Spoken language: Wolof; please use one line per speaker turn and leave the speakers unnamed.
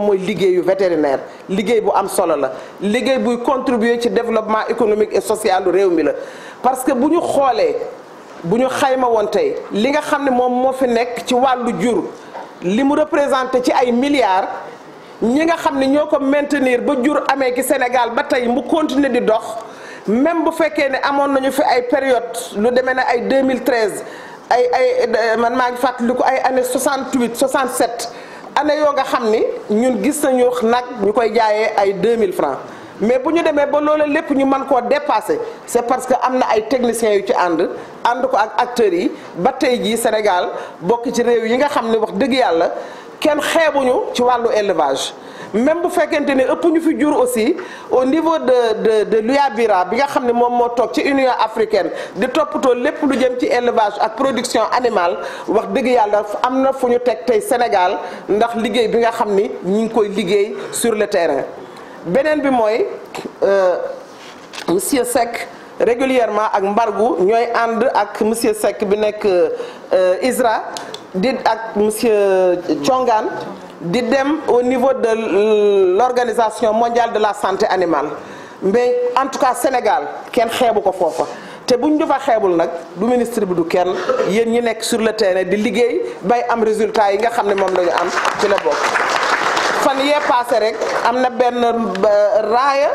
mooy liggéeyu vétérinaire liggéey bu am solo la liggéey buy contribuer ci développement économique et social réew mi la parce que bu ñu xoolee bu ñu xayma woon tey li nga xam ne moom moo fi nekk ci wàllu jur li mu représenté ci ay milliards ñi nga xam ne ñoo ko maintenir ba jur amee ci Sénégal ba tey mu continuer di dox même bu fekkee ne amoon nañu fi ay période lu demee ne ay 2013 ay ay man maa ngi ko ay années 68 67 année yoo nga xam ni ñun gis nañu nag ñu koy jaayee ay 2000 francs mais bu ñu demee ba loola lépp ñu mën koo dépassé c'est parce que am na ay techniciens yu ci ànd ànd ko ak acteur yi ba tey jii Sénégal bokk ci réew yi nga xam ne wax dëgg yàlla kenn xeebuñu ci wàllu élevage même bu fekkente ne ëpp ñu fi jur aussi au niveau de de de l'UABIRA bi nga xam ne moom moo toog ci Union africaine di toppatoo lépp lu jëm ci élevage ak production animale wax dëgg yàlla am na fu ñu teg tey Sénégal ndax liggéey bi nga xam ni ñu ngi koy liggéey sur le terrain beneen bi mooy euh, monsieur Seck régulièrement ak mbargo ñooy ànd ak monsieur Seck bi nekk euh, ISRA di ak monsieur Thiongane di dem au niveau de l'organisation mondiale de la santé animale mais en tout cas Sénégal kenn xeebu ko foofa te buñ du xeebul nag du ministre bi du kenn yéen ñi nekk sur le terrain di liggéey bay am résultat yi nga xam ne moom la am ci la fan yee paase rek am na benn euh, raaya